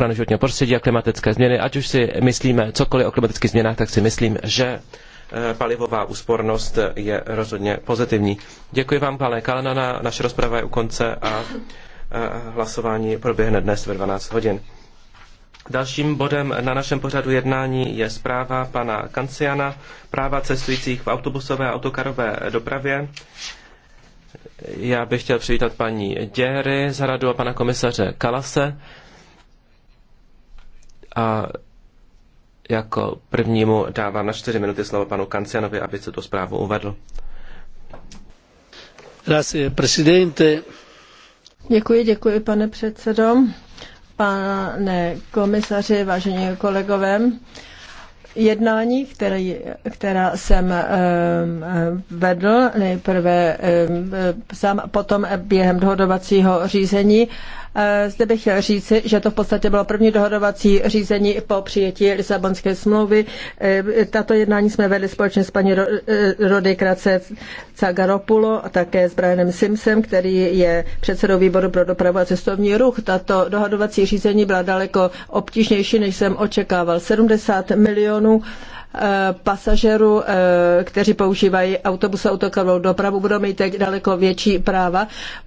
ochranu životního prostředí a klimatické změny. Ať už si myslíme cokoliv o klimatických změnách, tak si myslím, že eh, palivová úspornost je rozhodně pozitivní. Děkuji vám, pane Kalanana. Naše rozprava je u konce a eh, hlasování proběhne dnes ve 12 hodin. Dalším bodem na našem pořadu jednání je zpráva pana Kanciana, práva cestujících v autobusové a autokarové dopravě. Já bych chtěl přivítat paní Děry z hradu a pana komisaře Kalase. A jako prvnímu dávám na čtyři minuty slovo panu Kancianovi, aby se tu zprávu uvedl. Děkuji, děkuji, pane předsedo. Pane komisaři, vážení kolegové, jednání, které, která jsem eh, vedl nejprve eh, eh, sám, potom během dohodovacího řízení, Eh, zde bych chtěl říci, že to v podstatě bylo první dohodovací řízení po přijetí Lisabonské smlouvy. Eh, tato jednání jsme vedli společně s paní eh, Rody Krace Cagaropulo a také s Brianem Simsem, který je předsedou výboru pro dopravu a cestovní ruch. Tato dohodovací řízení byla daleko obtížnější, než jsem očekával. 70 milionů Eh, pasažerů, eh, kteří používají autobus a autokarovou dopravu, budou mít teď daleko větší práva.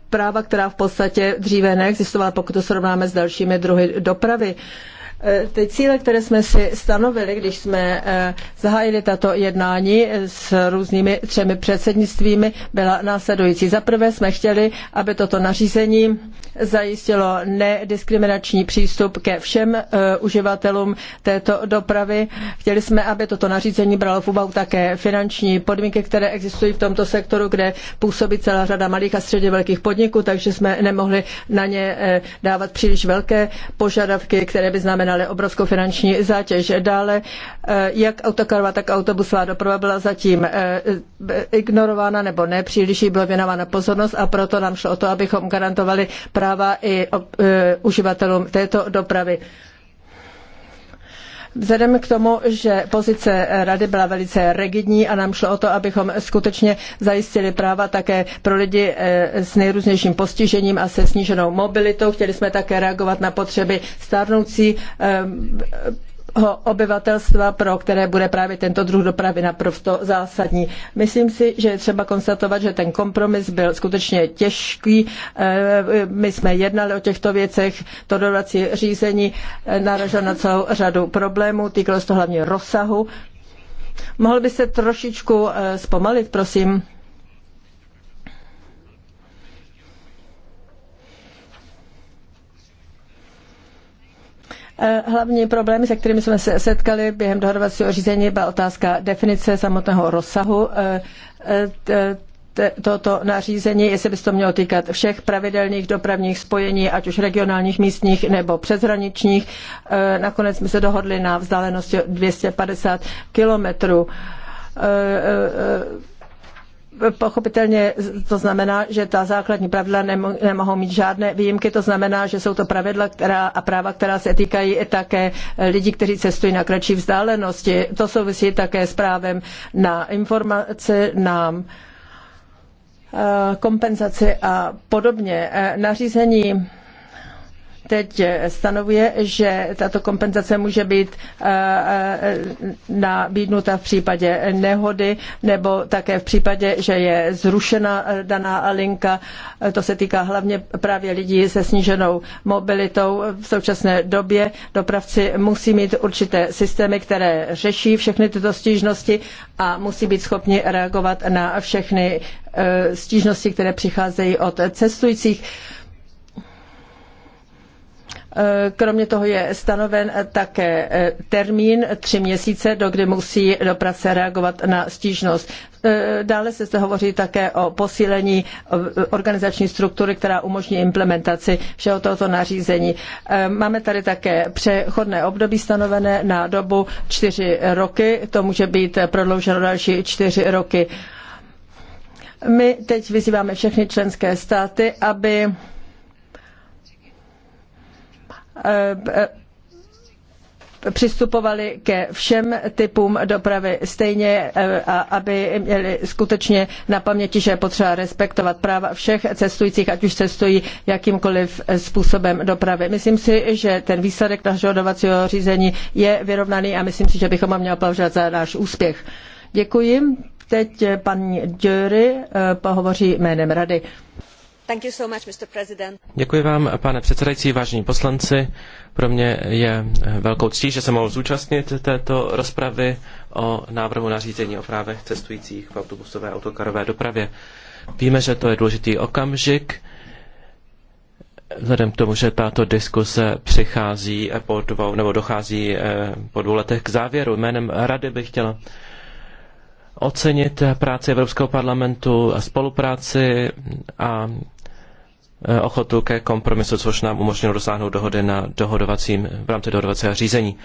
Práva, která v podstatě dříve neexistovala, pokud to srovnáme s dalšími druhy dopravy. Eh, ty cíle, které jsme si stanovili, když jsme eh, zahájili tato jednání eh, s různými třemi předsednictvími, byla následující. Za prvé jsme chtěli, aby toto nařízení zajistilo nediskriminační přístup ke všem uživatelům této dopravy. Chtěli jsme, aby toto nařízení bralo v úvahu také finanční podmínky, které existují v tomto sektoru, kde působí celá řada malých a středně velkých podniků, takže jsme nemohli na ně dávat příliš velké požadavky, které by znamenaly znamenaly obrovskou finanční zátěž. Dále, eh, jak autokarová, tak autobusová doprava byla zatím eh, eh, ignorována nebo ne, příliš jí byla věnována pozornost a proto nám šlo o to, abychom garantovali práva i uživatelům této dopravy. Vzhledem k tomu, že pozice rady byla velice rigidní a nám šlo o to, abychom skutečně zajistili práva také pro lidi eh, s nejrůznějším postižením a se sníženou mobilitou, chtěli jsme také reagovat na potřeby stárnoucí eh, obyvatelstva, pro které bude právě tento druh dopravy naprosto zásadní. Myslím si, že je třeba konstatovat, že ten kompromis byl skutečně těžký. Eh, my jsme jednali o těchto věcech, to dodací řízení eh, naraželo na celou řadu problémů, týkalo se to hlavně rozsahu. Mohl byste trošičku eh, zpomalit, prosím? Eh, hlavní problémy, se kterými jsme se setkali během dohodovacího řízení, byla otázka definice samotného rozsahu eh, eh, tohoto nařízení, jestli by se to mělo týkat všech pravidelných dopravních spojení, ať už regionálních, místních nebo přeshraničních. Nakonec jsme se dohodli na vzdálenosti 250 kilometrů pochopitelně to znamená, že ta základní pravidla nemohou mít žádné výjimky, to znamená, že jsou to pravidla která, a práva, která se týkají také lidí, kteří cestují na kratší vzdálenosti. To souvisí také s právem na informace, na eh, kompenzaci a podobně. Eh, nařízení teď stanovuje, že tato kompenzace může být eh, eh, nabídnuta v případě nehody nebo také v případě, že je zrušena eh, daná linka. To se týká hlavně právě lidí se sníženou mobilitou. V současné době dopravci musí mít určité systémy, které řeší všechny tyto stížnosti a musí být schopni reagovat na všechny stížnosti, které přicházejí od cestujících. Eh, kromě toho je stanoven také eh, termín tři měsíce, do kdy musí dopravce reagovat na stížnost. Eh, dále se zde hovoří také o posílení organizační struktury, která umožní implementaci všeho tohoto nařízení. Máme tady také přechodné období stanovené na dobu čtyři roky. To může být prodlouženo další čtyři roky. My teď vyzýváme všechny členské státy, aby Eh, eh, přistupovali ke všem typům dopravy stejně eh, a aby měli skutečně na paměti, že je potřeba respektovat práva všech cestujících, ať už cestují jakýmkoliv způsobem dopravy. Myslím si, že ten výsledek našeho řízení je vyrovnaný a myslím si, že bychom ho měli považovat za náš úspěch. Děkuji. Teď paní Dury pohovoří jménem Rady. Děkuji vám, pane předsedající, vážení poslanci. Pro mě je velkou ctí, že se mohu zúčastnit této rozpravy o návrhu nařízení o právech cestujících v autobusové a autokarové dopravě. Víme, že to je důležitý okamžik, vzhledem k tomu, že tato diskuse přichází po dvou, nebo dochází eh, po dvou letech k závěru. Jménem Rady bych chtěla ocenit práci Evropského parlamentu, spolupráci a e, ochotu ke kompromisu, což nám umožnilo dosáhnout dohody na dohodovacím, v rámci dohodovacího řízení.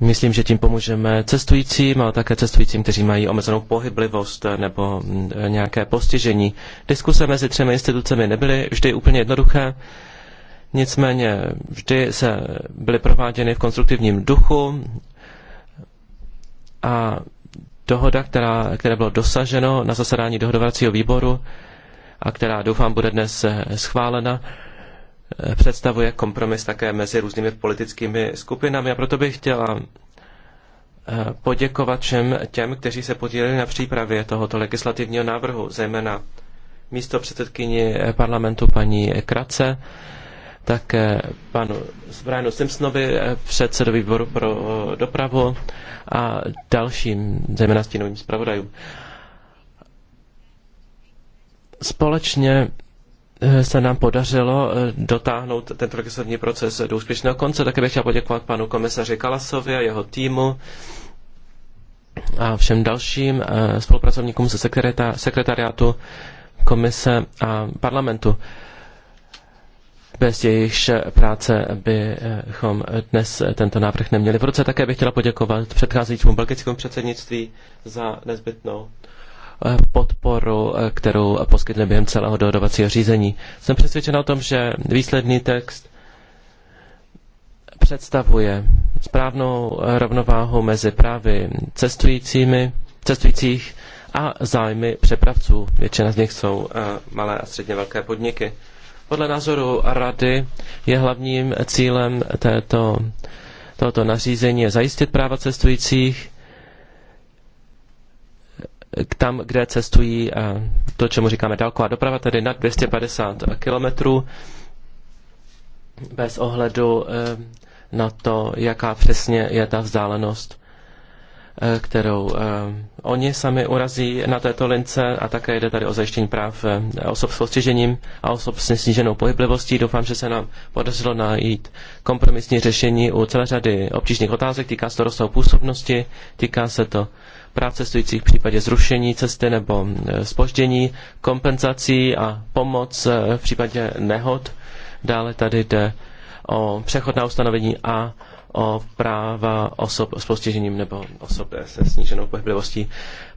Myslím, že tím pomůžeme cestujícím, ale také cestujícím, kteří mají omezenou pohyblivost nebo mm, nějaké postižení. Diskuse mezi třemi institucemi nebyly vždy úplně jednoduché, nicméně vždy se byly prováděny v konstruktivním duchu, a dohoda, která, které bylo dosaženo na zasedání dohodovacího výboru a která doufám bude dnes eh, schválena, eh, představuje kompromis také mezi různými politickými skupinami a proto bych chtěla eh, poděkovat všem těm, kteří se podíleli na přípravě tohoto legislativního návrhu, zejména místo předsedkyni parlamentu paní Krace, tak panu Zbrajnu Simpsonovi, eh, předsedovi výboru pro eh, dopravu a dalším, zejména stínovým zpravodajům. Společně eh, se nám podařilo dotáhnout tento legislativní proces do úspěšného konce. Také bych chtěl poděkovat panu komisaři Kalasovi a jeho týmu a všem dalším spolupracovníkům ze sekretariátu komise a parlamentu bez jejichž práce bychom dnes tento návrh neměli. V roce také bych chtěla poděkovat předcházejícímu belgickému předsednictví za nezbytnou eh, podporu, eh, kterou poskytli během celého dohodovacího řízení. Jsem přesvědčen o tom, že výsledný text představuje správnou rovnováhu mezi právy cestujícími, cestujících a zájmy přepravců. Většina z nich jsou eh, malé a středně velké podniky. Podle názoru Rady je hlavním cílem této, tohoto nařízení je zajistit práva cestujících tam, kde cestují to, čemu říkáme dálková doprava, tedy nad 250 kilometrů, bez ohledu eh, na to, jaká přesně je ta vzdálenost. Eh, kterou eh, oni sami urazí na této lince a také jde tady o zajištění práv eh, osob s postižením a osob s sníženou pohyblivostí. Doufám, že se nám podařilo najít kompromisní řešení u celé řady obtížných otázek. Týká se to rozsahu působnosti, týká se to práv cestujících v případě zrušení cesty nebo spoždění, kompenzací a pomoc v případě nehod. Dále tady jde o přechodná ustanovení a o práva osob s postižením nebo osob se sníženou pohyblivostí.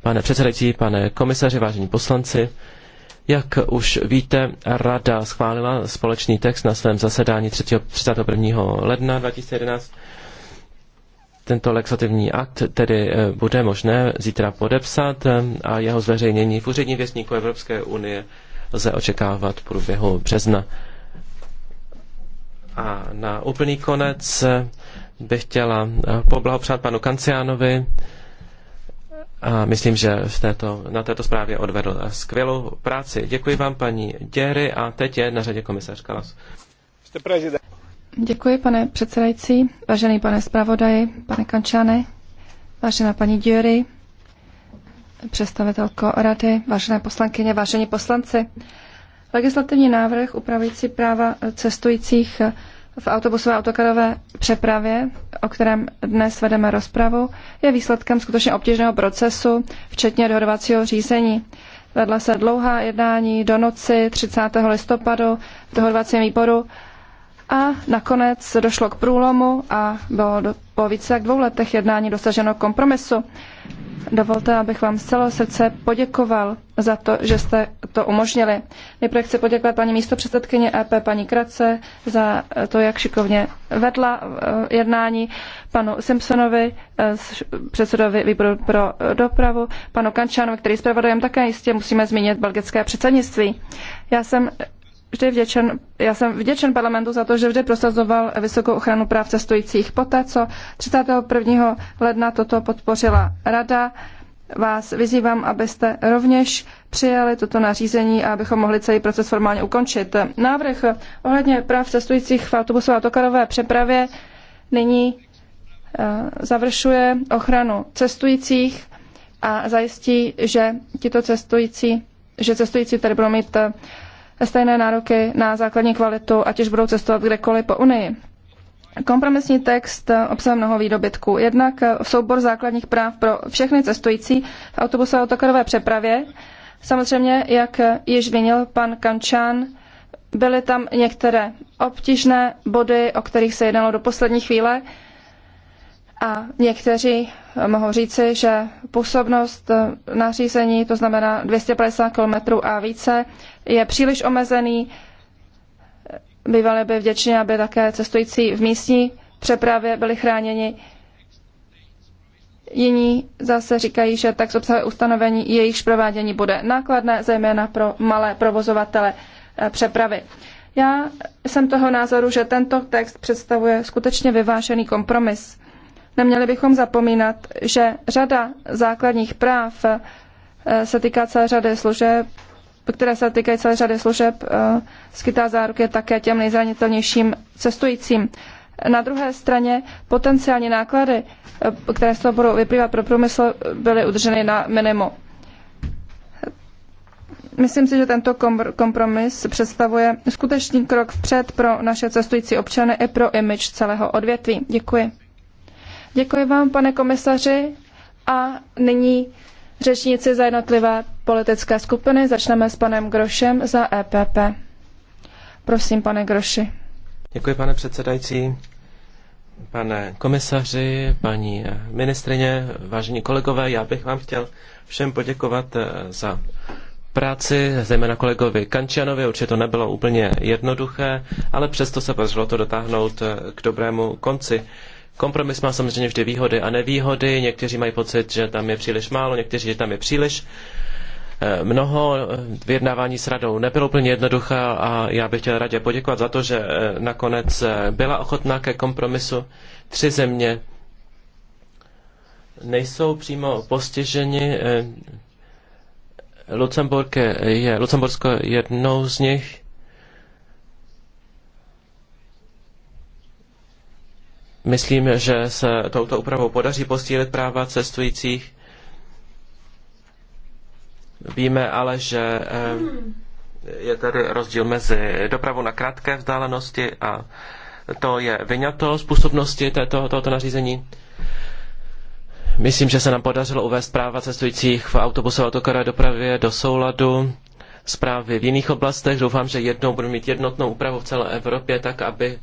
Pane předsedající, pane komisaři, vážení poslanci, jak už víte, Rada schválila společný text na svém zasedání 3. 31. ledna 2011. Tento legislativní akt tedy eh, bude možné zítra podepsat eh, a jeho zveřejnění v úředním věstníku Evropské unie lze očekávat v průběhu března. A na úplný konec bych chtěla eh, poblahopřát panu Kanciánovi a myslím, že v této, na této zprávě odvedl eh, skvělou práci. Děkuji vám, paní Děry, a teď je na řadě komisař Kalas. Děkuji, pane předsedající, vážený pane zpravodaji, pane Kančane, vážená paní Děry, představitelko rady, vážené poslankyně, vážení poslanci. Legislativní návrh upravující práva cestujících v autobusové autokarové přepravě, o kterém dnes vedeme rozpravu, je výsledkem skutečně obtížného procesu, včetně dohodovacího řízení. Vedla se dlouhá jednání do noci 30. listopadu v dohodovacím výboru a nakonec došlo k průlomu a bylo do, po více jak dvou letech jednání dosaženo kompromisu. Dovolte, abych vám z celého srdce poděkoval za to, že jste to umožnili. Nejprve chci poděkovat paní místopředsedkyně EP, paní Krace, za to, jak šikovně vedla eh, jednání, panu Simpsonovi, eh, předsedovi výboru pro dopravu, panu Kančanovi, který je zpravodajem také jistě musíme zmínit belgické předsednictví. Já jsem vždy vděčen, já jsem vděčen parlamentu za to, že vždy prosazoval vysokou ochranu práv cestujících. Poté, co 31. ledna toto podpořila rada, vás vyzývám, abyste rovněž přijali toto nařízení a abychom mohli celý proces formálně ukončit. Návrh ohledně práv cestujících v autobusové a tokarové přepravě nyní eh, završuje ochranu cestujících a zajistí, že tito cestující, že cestující tady budou mít eh, stejné nároky na základní kvalitu, ať už budou cestovat kdekoliv po Unii. Kompromisní text obsahuje mnoho výdobytků. Jednak soubor základních práv pro všechny cestující v autobusové a autokarové přepravě. Samozřejmě, jak již vinil pan Kančan, byly tam některé obtížné body, o kterých se jednalo do poslední chvíle. A někteří mohou říci, že působnost nařízení, to znamená 250 km a více, je příliš omezený. Bývali by vděční, aby také cestující v místní přepravě byli chráněni. Jiní zase říkají, že tak obsahuje ustanovení, jejichž provádění bude nákladné, zejména pro malé provozovatele eh, přepravy. Já jsem toho názoru, že tento text představuje skutečně vyvážený kompromis. Neměli bychom zapomínat, že řada základních práv eh, se týká celé řady služeb, které se týkají celé řady služeb, eh, skytá záruky také těm nejzranitelnějším cestujícím. Na druhé straně potenciální náklady, eh, které z toho budou vyplývat pro průmysl, byly udrženy na minimum. Myslím si, že tento kompromis představuje skutečný krok vpřed pro naše cestující občany i pro image celého odvětví. Děkuji. Děkuji vám, pane komisaři. A nyní řečníci za jednotlivé politické skupiny. Začneme s panem Grošem za EPP. Prosím, pane Groši. Děkuji, pane předsedající. Pane komisaři, paní ministrině, vážení kolegové, já bych vám chtěl všem poděkovat eh, za práci, zejména kolegovi Kančianovi, určitě to nebylo úplně jednoduché, ale přesto se podařilo to dotáhnout eh, k dobrému konci. Kompromis má samozřejmě vždy výhody a nevýhody. Někteří mají pocit, že tam je příliš málo, někteří, že tam je příliš eh, mnoho. Vyjednávání s radou nebylo úplně jednoduché a já bych chtěl radě poděkovat za to, že eh, nakonec eh, byla ochotná ke kompromisu. Tři země nejsou přímo postiženi. Lucemburg je, Lucembursko je jednou z nich. Myslím, že se touto úpravou podaří posílit práva cestujících. Víme ale, že eh, je tady rozdíl mezi dopravou na krátké vzdálenosti a to je vyňato z působnosti této, tohoto nařízení. Myslím, že se nám podařilo uvést práva cestujících v autobusové autokarové dopravě do souladu s právy v jiných oblastech. Doufám, že jednou budeme mít jednotnou úpravu v celé Evropě, tak aby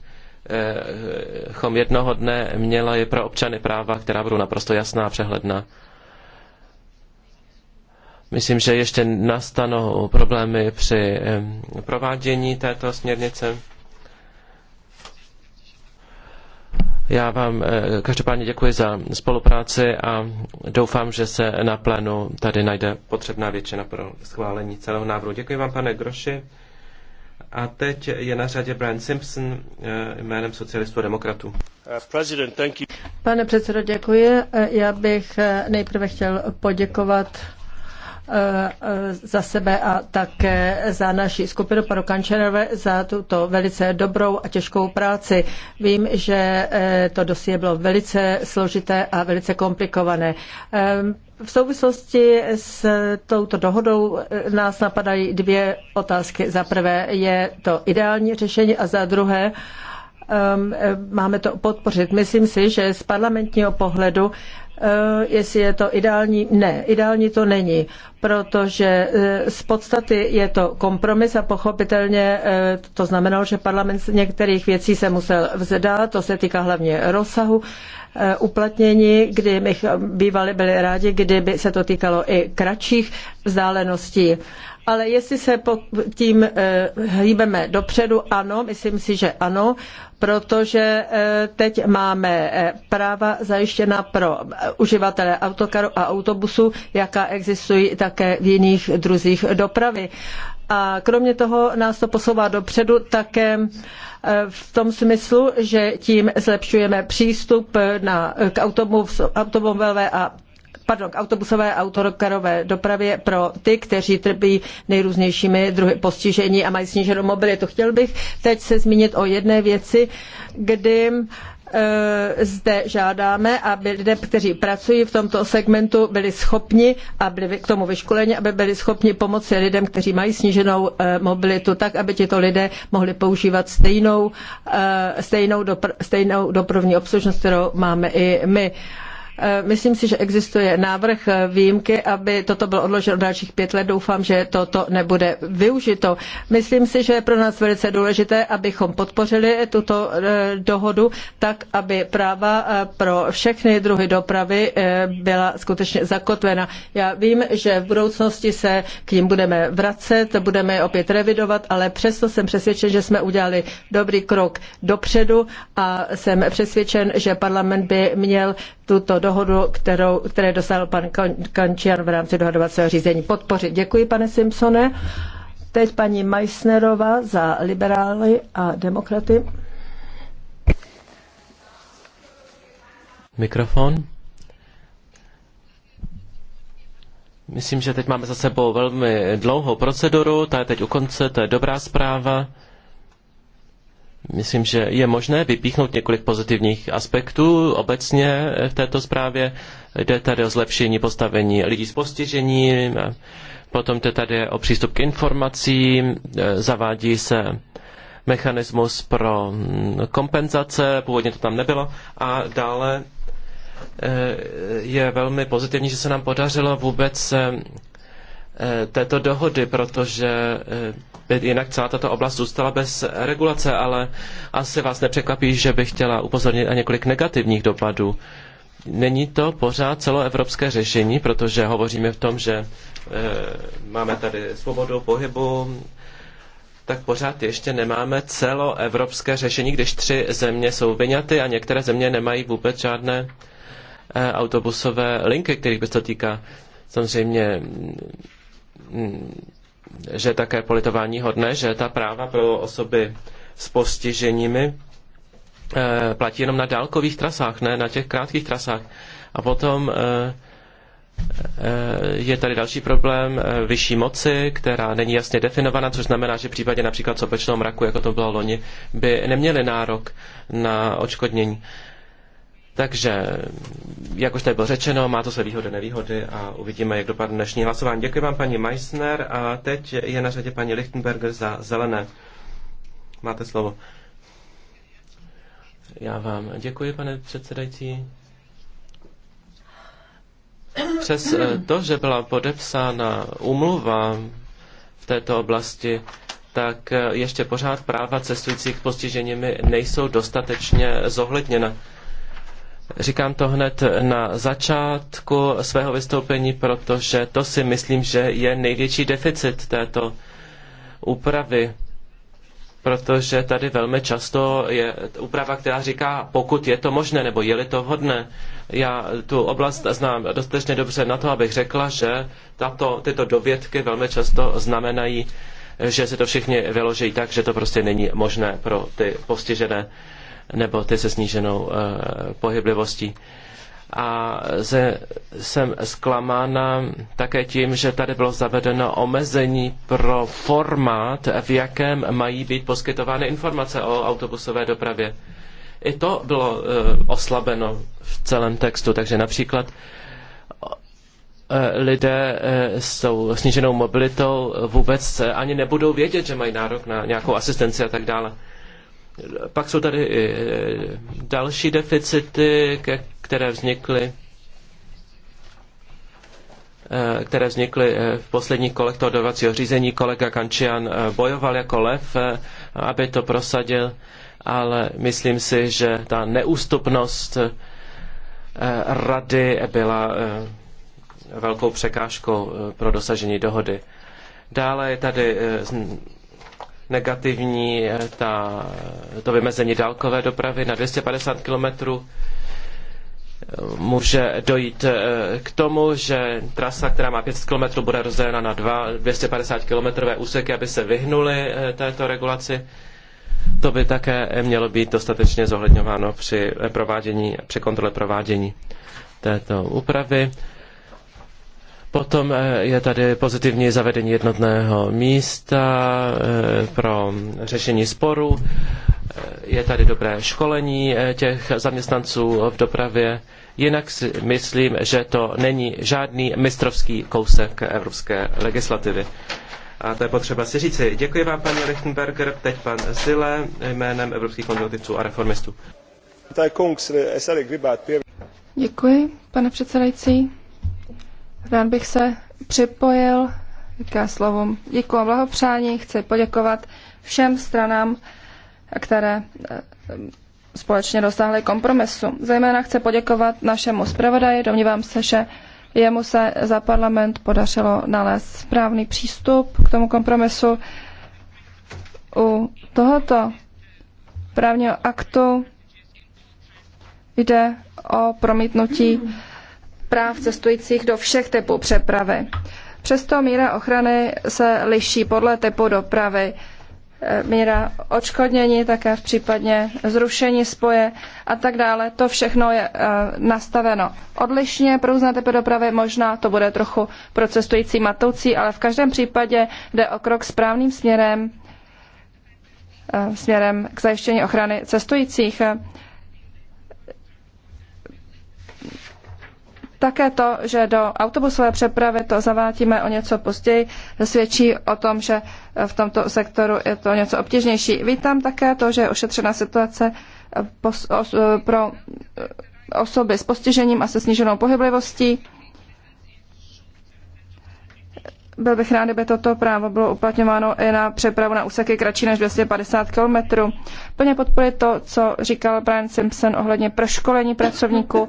bychom jednoho dne měli pro občany práva, která budou naprosto jasná a přehledná. Myslím, že ještě nastanou problémy při ehm, provádění této směrnice. Já vám eh, každopádně děkuji za spolupráci a doufám, že se na plénu tady najde potřebná většina pro schválení celého návrhu. Děkuji vám, pane Groši. A teď je na řadě Brian Simpson eh, jménem socialistů a demokratů. Uh, Pane předsedo, děkuji. Eh, já bych eh, nejprve chtěl poděkovat za sebe a také za naši skupinu panu Kančerové za tuto velice dobrou a těžkou práci. Vím, že to dosie bylo velice složité a velice komplikované. Ehm, v souvislosti s touto dohodou nás napadají dvě otázky. Za prvé, je to ideální řešení a za druhé, Um, eh, máme to podpořit. Myslím si, že z parlamentního pohledu eh, jestli je to ideální, ne, ideální to není, protože eh, z podstaty je to kompromis a pochopitelně to znamenalo, že parlament některých věcí se musel vzdát, to se týká hlavně rozsahu uplatnění, kdy my bývali byli rádi, kdyby se to týkalo i kratších vzdáleností ale jestli se pod tím eh, hýbeme dopředu, ano, myslím si, že ano, protože eh, teď máme eh, práva zajištěna pro uživatele autokaru a autobusu, jaká existují také v jiných druzích dopravy. A kromě toho nás to posouvá dopředu také v tom smyslu, že tím zlepšujeme přístup na, k automobilové a pardon, k autobusové a autokarové dopravě pro ty, kteří trpí nejrůznějšími druhy postižení a mají sníženou mobilitu. Chtěl bych teď se zmínit o jedné věci, kdy e, zde žádáme, aby lidé, kteří pracují v tomto segmentu, byli schopni a byli k tomu vyškoleni, aby byli schopni pomoci lidem, kteří mají sníženou e, mobilitu, tak, aby tito lidé mohli používat stejnou, e, stejnou, dopr- stejnou dopravní obslužnost, kterou máme i my. Eh, myslím si, že existuje návrh eh, výjimky, aby toto bylo odloženo dalších pět let. Doufám, že toto nebude využito. Myslím si, že je pro nás velice důležité, abychom podpořili tuto eh, dohodu tak, aby práva pro všechny druhy dopravy byla skutečně zakotvena. Já vím, že v budoucnosti se k ním budeme vracet, budeme je opět revidovat, ale přesto jsem přesvědčen, že jsme udělali dobrý krok dopředu a jsem přesvědčen, že parlament by měl tuto dohodu dohodu, kterou, které dosáhl pan Kančian v rámci dohodovacího řízení podpořit. Děkuji, pane Simpsone. Teď paní Meissnerová za liberály a demokraty. Mikrofon. Myslím, že teď máme za sebou velmi dlouhou proceduru, ta je teď u konce, to je dobrá zpráva. Myslím, že je možné vypíchnout několik pozitivních aspektů obecně v této zprávě. Jde tady o zlepšení postavení lidí s postižením, potom jde tady o přístup k informacím, e, zavádí se mechanismus pro mm, kompenzace, původně to tam nebylo, a dále e, je velmi pozitivní, že se nám podařilo vůbec e, Eh, této dohody, protože eh, by jinak celá tato oblast zůstala bez regulace, ale asi vás nepřekvapí, že bych chtěla upozornit na několik negativních dopadů. Není to pořád celoevropské řešení, protože hovoříme v tom, že eh, máme tady svobodu pohybu, tak pořád ještě nemáme celoevropské řešení, když tři země jsou vyňaty a některé země nemají vůbec žádné autobusové linky, kterých by se to týká. Samozřejmě Mm, že také politování hodné, že ta práva pro osoby s postiženími eh, platí jenom na dálkových trasách, ne na těch krátkých trasách. A potom eh, eh, je tady další problém vyšší moci, která není jasně definovaná, což znamená, že v případě například sopečného mraku, jako to bylo loni, by neměli nárok na očkodnění. Takže, jak už tady bylo řečeno, má to své výhody, nevýhody a uvidíme, jak dopadne dnešní hlasování. Děkuji vám, paní Meissner, a teď je na řadě paní Lichtenberger za zelené. Máte slovo. Já vám děkuji, pane předsedající. Přes eh, to, že byla podepsána umluva v této oblasti, tak eh, ještě pořád práva cestujících postiženími nejsou dostatečně zohledněna. Říkám to hned na začátku svého vystoupení, protože to si myslím, že je největší deficit této úpravy. Protože tady velmi často je úprava, která říká, pokud je to možné, nebo je-li to vhodné. Já tu oblast znám dostatečně dobře na to, abych řekla, že tato, tyto dovědky velmi často znamenají, že se to všichni vyloží tak, že to prostě není možné pro ty postižené nebo ty se sníženou eh, pohyblivostí. A ze, jsem zklamána také tím, že tady bylo zavedeno omezení pro formát, v jakém mají být poskytovány informace o autobusové dopravě. I to bylo eh, oslabeno v celém textu, takže například eh, lidé s tou sníženou mobilitou vůbec ani nebudou vědět, že mají nárok na nějakou asistenci a tak dále. Pak jsou tady i eh, další deficity, které vznikly eh, které vznikly eh, v posledních kolech toho dovacího řízení. Kolega Kančian bojoval jako lev, aby to prosadil, ale myslím si, že ta neústupnost rady byla velkou překážkou pro dosažení dohody. Dále je tady negativní eh, ta, to vymezení dálkové dopravy na 250 km. Eh, může dojít eh, k tomu, že trasa, která má 500 km, bude rozdělena na dva 250 kilometrové úseky, aby se vyhnuli této regulaci. To by také mělo být dostatečně zohledňováno při provádění, při kontrole provádění této úpravy. Potom eh, je tady pozitivní zavedení jednotného místa eh, pro řešení sporů. Eh, je tady dobré školení těch zaměstnanců v dopravě. Jinak si myslím, že to není žádný mistrovský kousek evropské legislativy. A to je potřeba si říci. Děkuji vám, paní Lichtenberger, teď pan Zile jménem Evropských konzervativců a reformistů. Děkuji, pane předsedající. Rád bych se připojil ke slovům díku a blahopřání. Chci poděkovat všem stranám, které eh, společně dosáhly kompromisu. Zejména chci poděkovat našemu zpravodaji. Domnívám se, že jemu se za parlament podařilo nalézt správný přístup k tomu kompromisu. U tohoto právního aktu jde o promítnutí práv cestujících do všech typů přepravy. Přesto míra ochrany se liší podle typu dopravy. Eh, míra odškodnění také v případě zrušení spoje a tak dále. To všechno je eh, nastaveno odlišně pro různé typy dopravy. Možná to bude trochu pro cestující matoucí, ale v každém případě jde o krok správným směrem eh, směrem k zajištění ochrany cestujících. Také to, že do autobusové přepravy to zavátíme o něco později, svědčí o tom, že v tomto sektoru je to něco obtížnější. Vítám také to, že je ošetřena situace eh, eh, pro eh, osoby s postižením a se sníženou pohyblivostí. Byl bych rád, kdyby toto právo bylo uplatňováno i na přepravu na úseky kratší než 250 km. Plně podporuji to, co říkal Brian Simpson ohledně proškolení pracovníků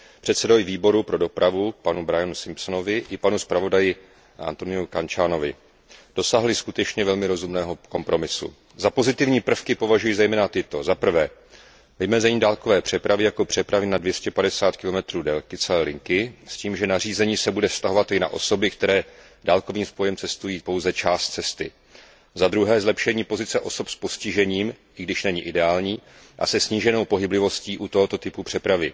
předsedovi výboru pro dopravu panu brianu simpsonovi i panu zpravodaji antoniu cancianovi. dosáhli skutečně velmi rozumného kompromisu. za pozitivní prvky považuji zejména tyto za prvé vymezení dálkové přepravy jako přepravy nad two hundred and fifty km délky celé linky s tím že nařízení se bude vztahovat i na osoby které dálkovým spojem cestují pouze část cesty. za druhé zlepšení pozice osob s postižením i když není ideální a se sníženou pohyblivostí u tohoto typu přepravy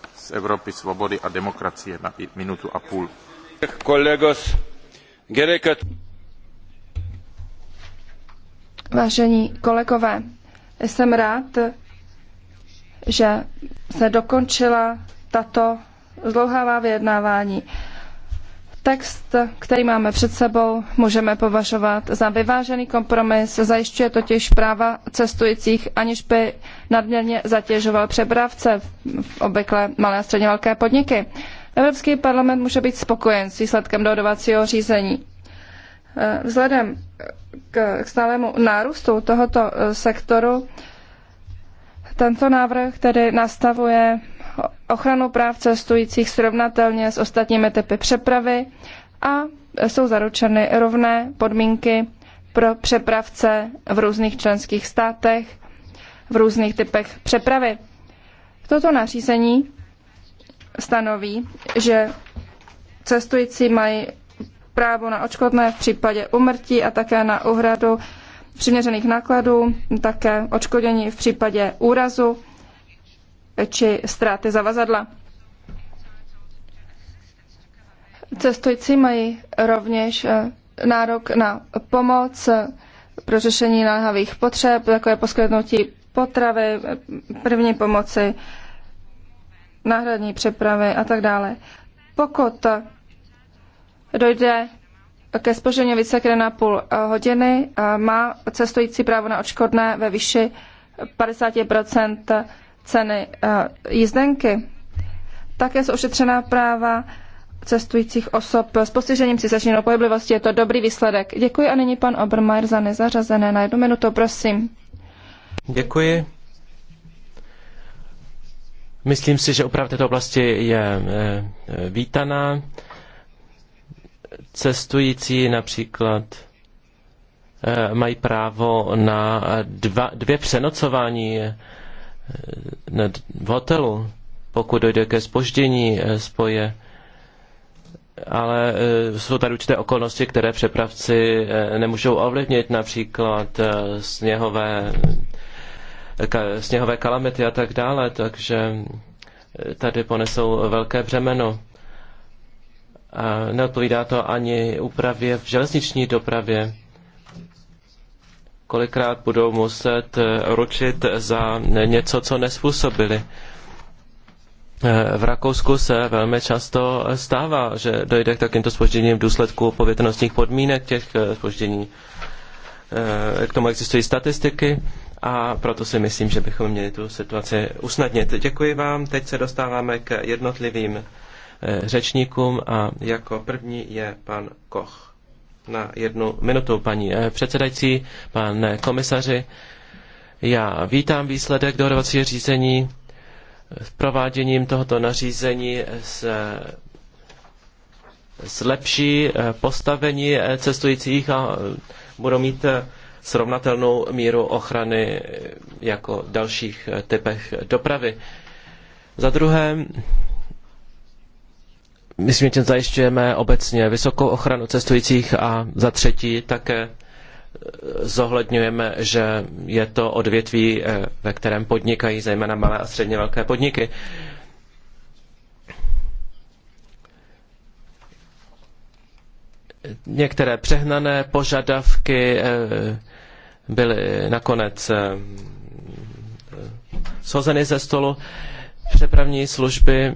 z Evropy svobody a demokracie na minutu a půl. Vážení kolegové, jsem rád, že se dokončila tato zdlouhavá vyjednávání. Text, který máme před sebou, můžeme považovat za vyvážený kompromis, zajišťuje totiž práva cestujících, aniž by nadměrně zatěžoval přepravce, obvykle malé a středně velké podniky. Evropský parlament může být spokojen s výsledkem dohodovacího řízení. Eh, vzhledem k stálému nárůstu tohoto eh, sektoru, tento návrh tedy nastavuje ochranu práv cestujících srovnatelně s ostatními typy přepravy a jsou zaručeny rovné podmínky pro přepravce v různých členských státech, v různých typech přepravy. Toto nařízení stanoví, že cestující mají právo na očkodné v případě umrtí a také na úhradu přiměřených nákladů, také očkodění v případě úrazu či ztráty zavazadla. Cestující mají rovněž eh, nárok na pomoc eh, pro řešení náhavých potřeb, jako je poskytnutí potravy, první pomoci, náhradní přepravy a tak dále. Pokud dojde ke spoření více jak půl hodiny, má cestující právo na odškodné ve výši 50 ceny eh, jízdenky. Také jsou ošetřená práva cestujících osob s postižením cizečního pohyblivosti. Je to dobrý výsledek. Děkuji a nyní pan Obermeier za nezařazené. Na jednu minutu, prosím. Děkuji. Myslím si, že opravdu této oblasti je eh, vítaná. Cestující například eh, mají právo na dva, dvě přenocování Eh, v hotelu, pokud dojde ke spoždění eh, spoje. Ale eh, jsou tady určité okolnosti, které přepravci nemůžou ovlivnit, například sněhové, sněhové kalamity a tak dále, takže tady ponesou velké břemeno. A neodpovídá to ani úpravě v železniční dopravě kolikrát budou muset eh, ručit za něco, co nespůsobili. Eh, v Rakousku se velmi často stává, že dojde k takýmto spožděním v důsledku povětrnostních podmínek těch spoždění. Eh, k tomu existují statistiky a proto si myslím, že bychom měli tu situaci usnadnit. Děkuji vám. Teď se dostáváme k jednotlivým řečníkům a jako první je pan Koch na jednu minutu, paní eh, předsedající, pane komisaři. Já vítám výsledek dohodovacího řízení. S prováděním tohoto nařízení se zlepší eh, postavení eh, cestujících a budou mít srovnatelnou míru ochrany jako v dalších typech dopravy. Za druhé, Myslím, že tím zajišťujeme obecně vysokou ochranu cestujících a za třetí také eh, zohledňujeme, že je to odvětví, eh, ve kterém podnikají zejména malé a středně velké podniky. Některé přehnané požadavky eh, byly nakonec shozeny ze stolu. Přepravní služby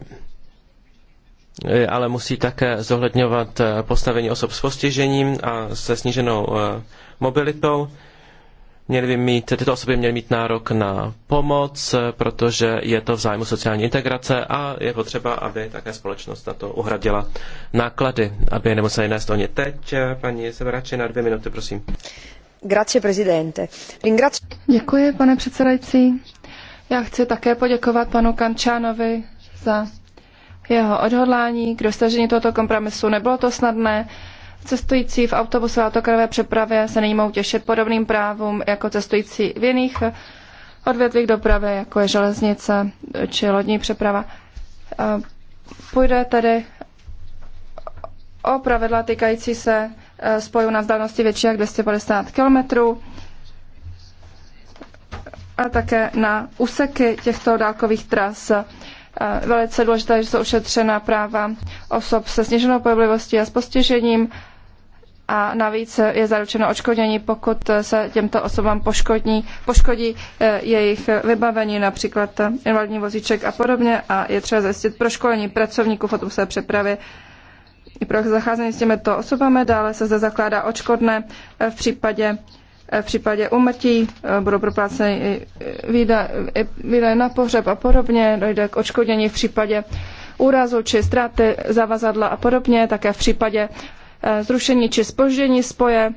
Eh, ale musí také zohledňovat eh, postavení osob s postižením a se sníženou eh, mobilitou. Měli by mít, tyto osoby měly mít nárok na pomoc, protože je to v zájmu sociální integrace a je potřeba, aby také společnost na to uhradila náklady, aby je nemuseli nést oni. Teď paní Severače, na dvě minuty, prosím. Grazie, prezidente. Ringrazie... Děkuji, pane předsedající. Já chci také poděkovat panu Kančánovi za jeho odhodlání k dosažení tohoto kompromisu. Nebylo to snadné. Cestující v autobusové a autokarové přepravě se nyní mohou těšit podobným právům jako cestující v jiných odvětvích dopravy, jako je železnice či lodní přeprava. Půjde tedy o pravidla týkající se e, spojů na vzdálenosti větší jak 250 km a také na úseky těchto dálkových tras Eh, velice důležité, že jsou ušetřena práva osob se sníženou pohyblivostí a s postižením a navíc je zaručeno očkodnění, pokud se těmto osobám poškodní, poškodí eh, jejich vybavení, například invalidní vozíček a podobně a je třeba zajistit proškolení pracovníků v autobusové přepravy i pro zacházení s těmito osobami. Dále se zde zakládá očkodné eh, v případě E, v případě umrtí e, budou propláceny e, výdaje na pohřeb a podobně, dojde k odškodnění v případě úrazu či ztráty zavazadla a podobně, také v případě zrušení či spoždění spoje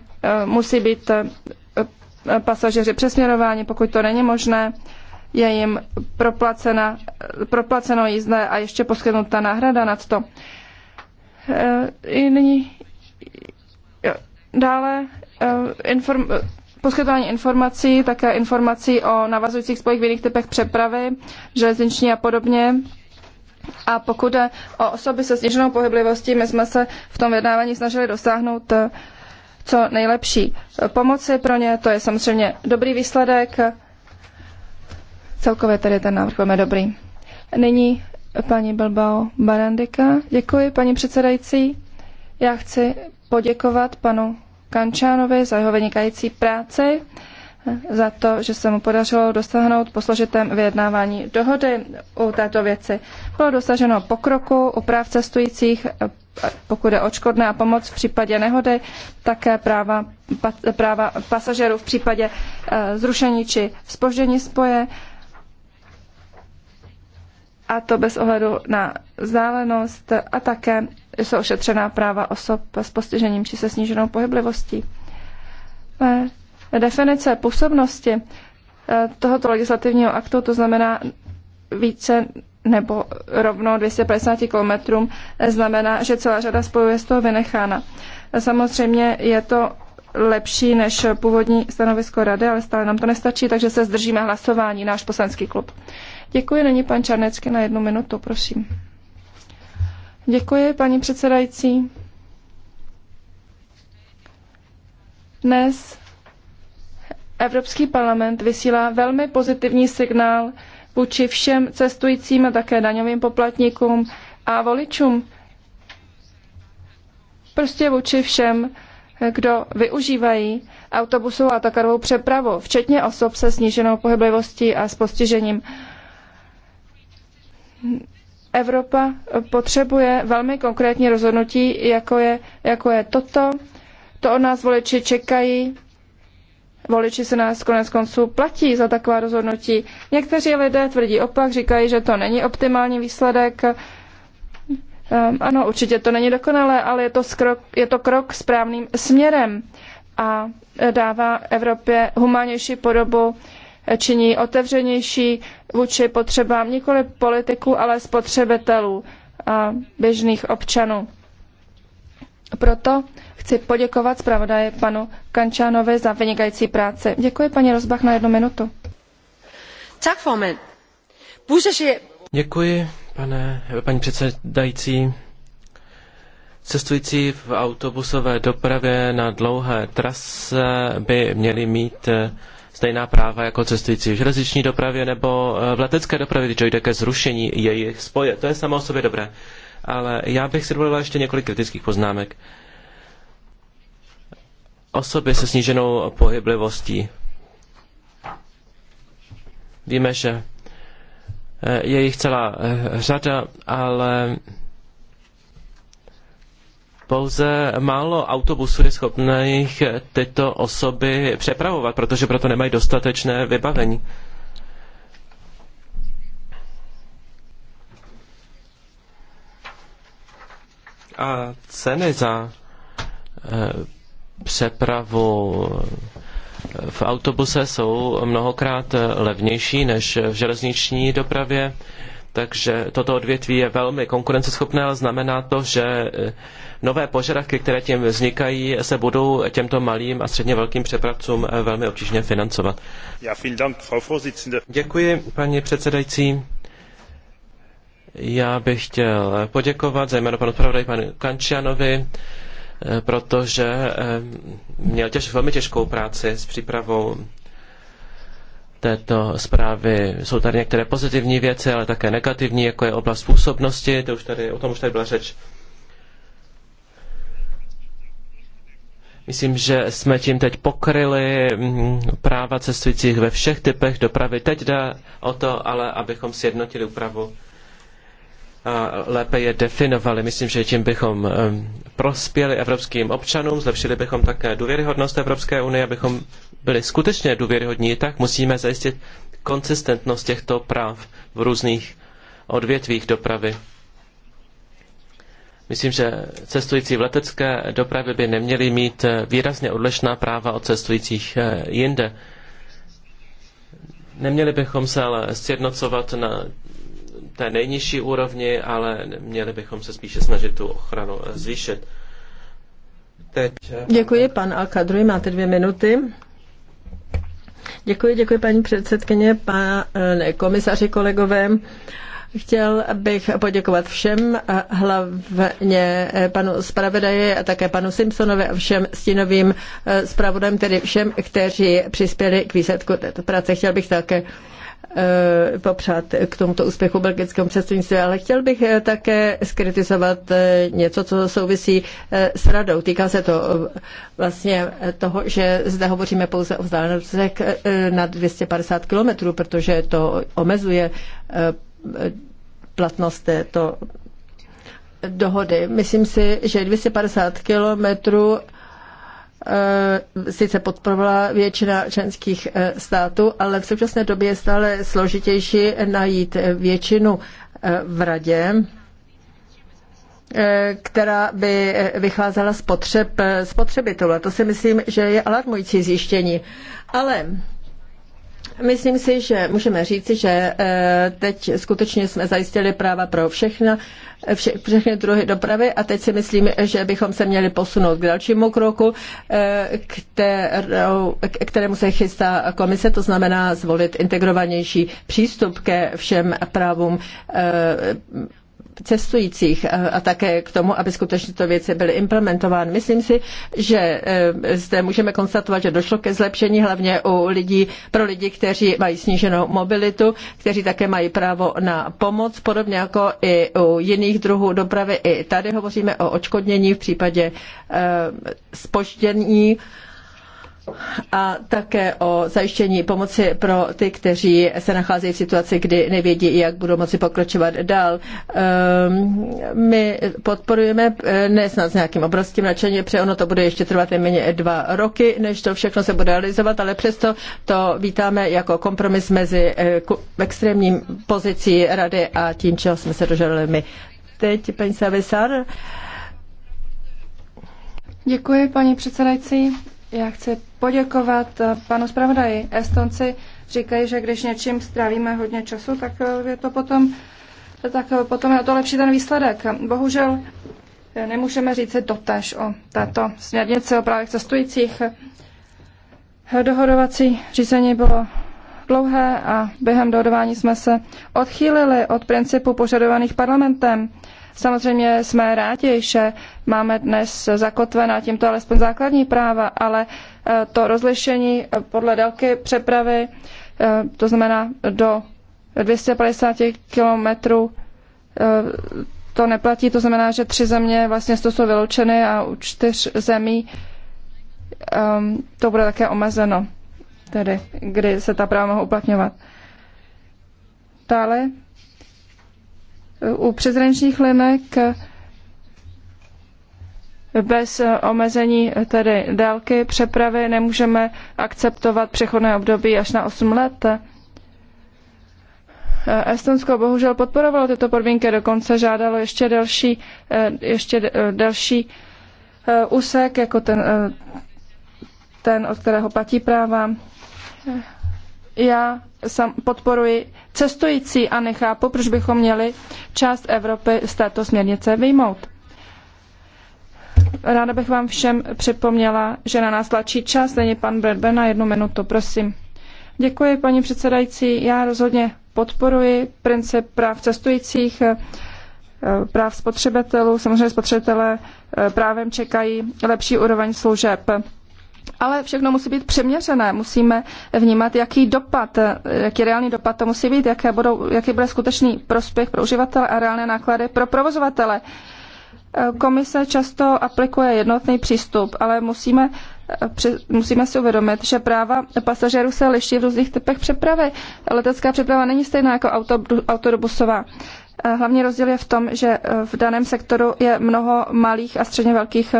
musí být pasažeři přesměrováni, pokud to není možné, je jim proplacena, proplaceno jízdné a ještě poskytnuta náhrada nad to. I nyní dále inform, poskytování informací, také informací o navazujících spojích v jiných typech přepravy, železniční a podobně. A pokud je o osoby se sníženou pohyblivostí, my jsme se v tom vyjednávání snažili dosáhnout eh, co nejlepší pomoci pro ně. To je samozřejmě dobrý výsledek. Celkově tedy ten návrh velmi dobrý. Nyní paní Bilbao Barandika. Děkuji, paní předsedající. Já chci poděkovat panu Kančánovi za jeho vynikající práci, za to, že se mu podařilo dosáhnout po složitém vyjednávání dohody u této věci. Bylo dosaženo pokroku u práv cestujících, pokud je očkodné a pomoc v případě nehody, také práva, pa, práva pasažerů v případě eh, zrušení či spoždění spoje a to bez ohledu na vzdálenost a také jsou ošetřená práva osob s postižením či se sníženou pohyblivostí. Definice působnosti eh, tohoto legislativního aktu, to znamená více nebo rovno 250 km, znamená, že celá řada spojů je z toho vynechána. Samozřejmě je to lepší než původní stanovisko rady, ale stále nám to nestačí, takže se zdržíme hlasování, náš poslanský klub. Děkuji, není pan Čarnecky na jednu minutu, prosím. Děkuji, paní předsedající. Dnes Evropský parlament vysílá velmi pozitivní signál vůči všem cestujícím a také daňovým poplatníkům a voličům. Prostě vůči všem, kdo využívají autobusovou a takovou přepravu, včetně osob se sníženou pohyblivostí a s postižením. Evropa potřebuje velmi konkrétní rozhodnutí, jako je, jako je toto. To od nás voliči čekají. Voliči se nás konec konců platí za taková rozhodnutí. Někteří lidé tvrdí opak, říkají, že to není optimální výsledek. Ehm, ano, určitě to není dokonalé, ale je to, skrok, je to krok správným směrem a dává Evropě humánější podobu činí otevřenější vůči potřebám nikoli politiků, ale spotřebitelů a běžných občanů. Proto chci poděkovat zpravodaji panu Kančánovi za vynikající práci. Děkuji paní Rozbach na jednu minutu. Tak, formen. Děkuji, pane, paní předsedající. Cestující v autobusové dopravě na dlouhé trase by měli mít stejná práva jako cestující v železniční dopravě nebo eh, v letecké dopravě, když dojde ke zrušení jejich spoje. To je samo o sobě dobré. Ale já bych si dovolila ještě několik kritických poznámek. Osoby se sníženou pohyblivostí. Víme, že eh, je jich celá eh, řada, ale pouze málo autobusů je schopných tyto osoby přepravovat, protože proto nemají dostatečné vybavení. A ceny za eh, přepravu eh, v autobuse jsou mnohokrát eh, levnější než v železniční dopravě, takže toto odvětví je velmi konkurenceschopné, ale znamená to, že nové požadavky, které tím vznikají, se budou těmto malým a středně velkým přepravcům eh, velmi obtížně financovat. Děkuji, paní předsedající. Já bych chtěl eh, poděkovat zejména panu zpravodaji panu Kančianovi, eh, protože měl těž, velmi těžkou práci s přípravou této zprávy. Jsou tady některé pozitivní věci, ale také negativní, jako je oblast působnosti, to už tady, o tom už tady byla řeč. Myslím, že jsme tím teď pokryli mm, práva cestujících ve všech typech dopravy. Teď jde o to, ale abychom sjednotili úpravu a lépe je definovali. Myslím, že tím bychom prospěli evropským občanům, zlepšili bychom také důvěryhodnost Evropské unie, abychom byli skutečně důvěryhodní, tak musíme zajistit konsistentnost těchto práv v různých odvětvích dopravy. Myslím, že cestující v letecké dopravě by neměli mít eh, výrazně odlišná práva od cestujících eh, jinde. Neměli bychom se ale sjednocovat na té nejnižší úrovni, ale měli bychom se spíše snažit tu ochranu eh, zvýšit. Teď... Děkuji, pan Alkadruj, máte dvě minuty. Děkuji, děkuji paní předsedkyně, pane komisaři, kolegové. Chtěl bych poděkovat všem, hlavně eh, panu zpravodaji a také panu Simpsonovi a všem stínovým eh, zpravodem, tedy všem, kteří přispěli k výsledku této práce. Chtěl bych také eh, popřát k tomuto úspěchu belgického předsednictví, ale chtěl bych také skritizovat něco, co souvisí s radou. Týká se to vlastně toho, že zde hovoříme pouze o vzdálenostech na 250 kilometrů, protože to omezuje platnost této dohody. Myslím si, že 250 kilometrů eh, sice podporovala většina členských eh, států, ale v současné době je stále složitější najít většinu eh, v radě, která by vycházela z potřeb spotřebitelů. to si myslím, že je alarmující zjištění. Ale Myslím si, že můžeme říci, že eh, teď skutečně jsme zajistili práva pro všechna, vše, všechny druhy dopravy a teď si myslím, že bychom se měli posunout k dalšímu kroku, eh, kterou, kterému se chystá komise, to znamená zvolit integrovanější přístup ke všem právům eh, cestujících eh, a také k tomu, aby skutečně to věci byly implementovány. Myslím si, že eh, zde můžeme konstatovat, že došlo ke zlepšení hlavně u lidí, pro lidi, kteří mají sníženou mobilitu, kteří také mají právo na pomoc, podobně jako i u jiných druhů dopravy. I tady hovoříme o očkodnění v případě spoždění. Eh, a také o zajištění pomoci pro ty, kteří se nacházejí v situaci, kdy nevědí, jak budou moci pokračovat dál. Ehm, my podporujeme, eh, ne snad s nějakým obrovským nadšením, protože ono to bude ještě trvat nejméně dva roky, než to všechno se bude realizovat, ale přesto to vítáme jako kompromis mezi eh, extrémním pozicí rady a tím, čeho jsme se dožadovali my. Teď paní Savisar. Děkuji, paní předsedající. Já chci poděkovat eh, panu zpravodaji. Estonci říkají, že když něčím strávíme hodně času, tak eh, je to potom, tak eh, potom je to lepší ten výsledek. Bohužel nemůžeme říct si totež o této směrnici o právě cestujících. Dohodovací řízení bylo dlouhé a během dohodování jsme se odchýlili od principu požadovaných parlamentem. Samozřejmě jsme rádi, že máme dnes zakotvená tímto alespoň základní práva, ale Eh, to rozlišení eh, podle délky přepravy, eh, to znamená do 250 kilometrů to neplatí, to znamená, že tři země vlastně z toho jsou vyloučeny a u čtyř zemí ehm, to bude také omezeno, tedy kdy se ta práva mohou uplatňovat. Dále u přezrančních linek bez omezení tedy délky přepravy nemůžeme akceptovat přechodné období až na 8 let. Estonsko bohužel podporovalo tyto podmínky, dokonce žádalo ještě delší, eh, ještě eh, delší eh, úsek, jako ten, ten, od kterého platí práva. Já sam podporuji cestující a nechápu, proč bychom měli část Evropy z této směrnice vyjmout. Ráda bych vám všem připomněla, že na nás tlačí čas, není pan Bradburn na jednu minutu, prosím. Děkuji, paní předsedající. Já rozhodně podporuji princip práv cestujících, eh, práv spotřebitelů. Samozřejmě spotřebitelé eh, právem čekají lepší úroveň služeb. Ale všechno musí být přiměřené. Musíme vnímat, jaký dopad, eh, jaký reálný dopad to musí být, jaké budou, jaký bude skutečný prospěch pro uživatele a reálné náklady pro provozovatele. Komise často aplikuje jednotný přístup, ale musíme, eh, musíme si uvědomit, že práva pasažérů se liší v různých typech přepravy. Letecká přeprava není stejná jako auto, autobusová. Eh, hlavní rozdíl je v tom, že eh, v daném sektoru je mnoho malých a středně velkých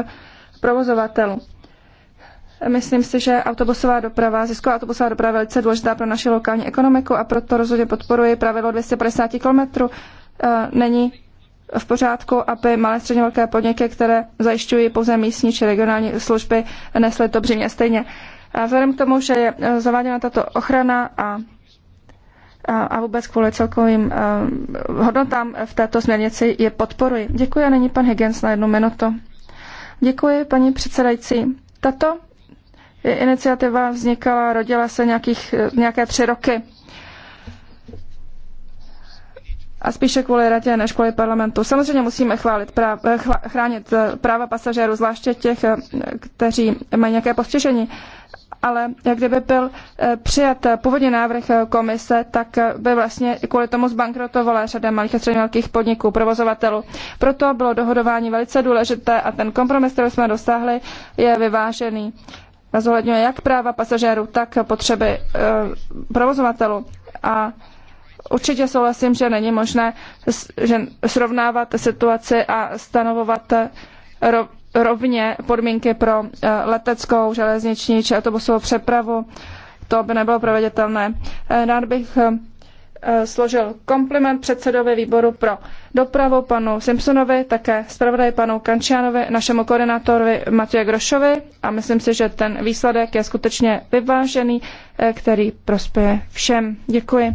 provozovatelů. Myslím si, že autobusová doprava, zisková autobusová doprava je velice důležitá pro naši lokální ekonomiku a proto rozhodně podporuji pravidlo 250 km. Není v pořádku, aby malé středně velké podniky, které zajišťují pouze místní či regionální služby, nesly to břímě stejně. A vzhledem k tomu, že je eh, zaváděna tato ochrana a a vůbec kvůli celkovým eh, hodnotám v této směrnici je podporuji. Děkuji a není pan Higgins na jednu minutu. Děkuji, paní předsedající. Tato iniciativa vznikala, rodila se nějakých, eh, nějaké tři roky a spíše kvůli radě než kvůli parlamentu. Samozřejmě musíme chválit práv, eh, chránit eh, práva pasažérů, zvláště těch, eh, kteří mají nějaké postižení. Ale kdyby byl přijat původní návrh komise, tak by vlastně kvůli tomu zbankrotovala řada malých a středně velkých podniků, provozovatelů. Proto bylo dohodování velice důležité a ten kompromis, který jsme dosáhli, je vyvážený zohledňuje jak práva pasažérů, tak potřeby provozovatelů. A Určitě souhlasím, že není možné že srovnávat situaci a stanovovat eh, rovně podmínky pro eh, leteckou, železniční či autobusovou přepravu. To by nebylo proveditelné. Eh, rád bych složil kompliment předsedovi výboru pro dopravu panu Simpsonovi, také zpravodaji panu Kančianovi, našemu koordinátorovi Matěje Grošovi a myslím si, že ten výsledek je skutečně vyvážený, který prospěje všem. Děkuji.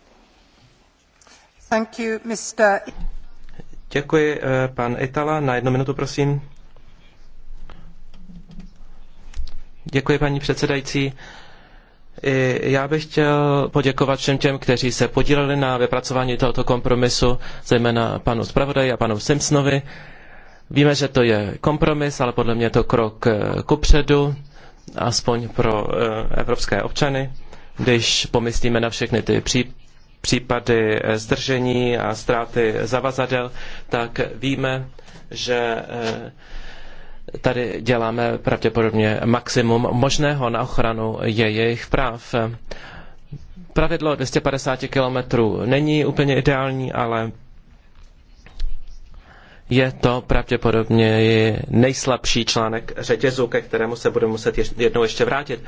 Děkuji, eh, pan Itala. Na jednu minutu, prosím. Děkuji, paní předsedající. I já bych chtěl poděkovat všem těm, kteří se podíleli na vypracování tohoto kompromisu, zejména panu zpravodaji a panu Simpsonovi. Víme, že to je kompromis, ale podle mě je to krok eh, kupředu, aspoň pro eh, evropské občany, když pomyslíme na všechny ty případy případy zdržení a ztráty zavazadel, tak víme, že eh, tady děláme pravděpodobně maximum možného na ochranu jejich práv. Pravidlo 250 km není úplně ideální, ale je to pravděpodobně nejslabší článek řetězu, ke kterému se budeme muset jednou ještě vrátit.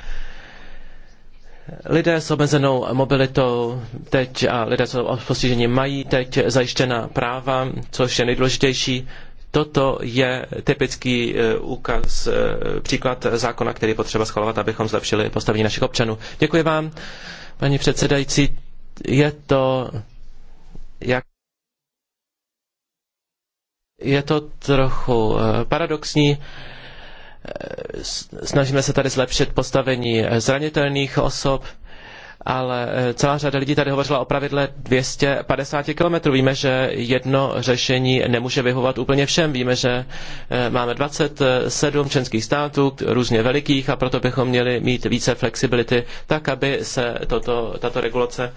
Lidé s omezenou mobilitou teď a lidé s postižením mají teď zajištěná práva, což je nejdůležitější. Toto je typický eh, úkaz, eh, příklad zákona, který je potřeba schvalovat, abychom zlepšili postavení našich občanů. Děkuji vám, paní předsedající. Je to jak je to trochu eh, paradoxní, Eh, snažíme se tady zlepšit postavení eh, zranitelných osob, ale eh, celá řada lidí tady hovořila o pravidle 250 km. Víme, že jedno řešení nemůže vyhovovat úplně všem. Víme, že máme 27 členských států, různě velikých, a proto bychom měli mít více flexibility, tak aby se toto, tato regulace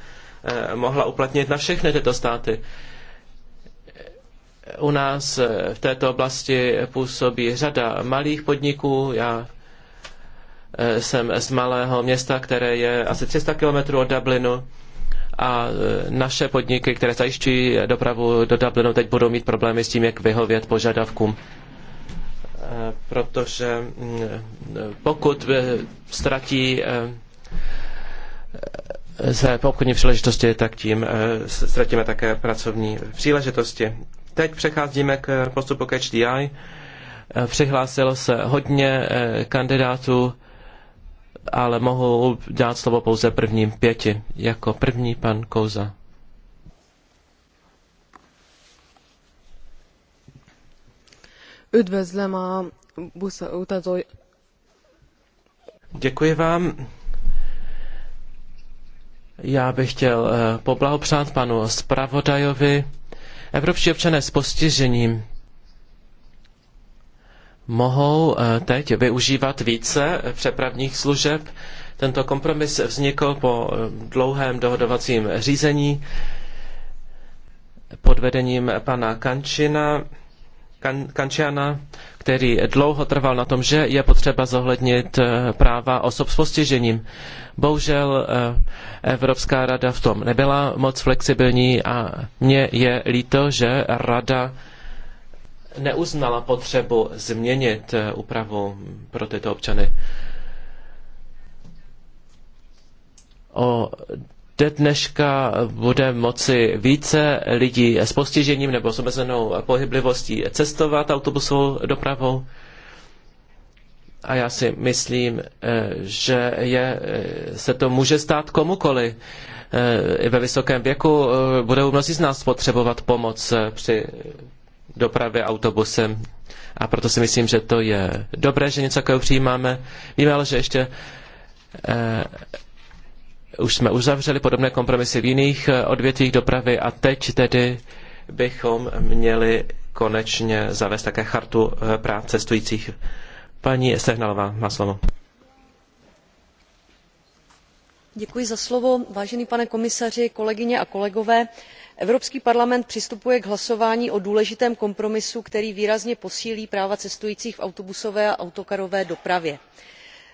mohla uplatnit na všechny tyto státy. U nás eh, v této oblasti působí řada malých podniků. Já eh, jsem z malého města, které je asi 300 kilometrů od Dublinu a eh, naše podniky, které zajišťují dopravu do Dublinu, teď budou mít problémy s tím, jak vyhovět požadavkům. Protože mm, pokud ztratí se po obchodní příležitosti, tak tím ztratíme také pracovní příležitosti. Teď přecházíme k postupu k HDI. Přihlásilo se hodně eh, kandidátů, ale mohu dát slovo pouze prvním pěti. Jako první pan Kouza. Üdvözlöm a Děkuji vám. Já bych chtěl eh, poblahopřát panu zpravodajovi Evropští občané s postižením mohou eh, teď využívat více eh, přepravních služeb. Tento kompromis vznikl po eh, dlouhém dohodovacím řízení pod vedením pana Kančina. Kančiana, který dlouho trval na tom, že je potřeba zohlednit eh, práva osob s postižením. Bohužel eh, Evropská rada v tom nebyla moc flexibilní a mně je líto, že rada neuznala potřebu změnit eh, úpravu pro tyto občany. O do dneška bude moci více lidí s postižením nebo s omezenou pohyblivostí cestovat autobusovou dopravou. A já si myslím, eh, že je, eh, se to může stát komukoli. Eh, I ve vysokém věku budou mnozí z nás potřebovat pomoc při dopravě autobusem. A proto si myslím, že to je dobré, že něco takového přijímáme. Víme ale, že ještě už jsme uzavřeli podobné kompromisy v jiných eh, odvětvích dopravy a teď tedy bychom měli konečně zavést také chartu eh, práv cestujících. Paní Sehnalová má slovo. Děkuji za slovo. Vážený pane komisaři, kolegyně a kolegové, Evropský parlament přistupuje k hlasování o důležitém kompromisu, který výrazně posílí práva cestujících v autobusové a autokarové dopravě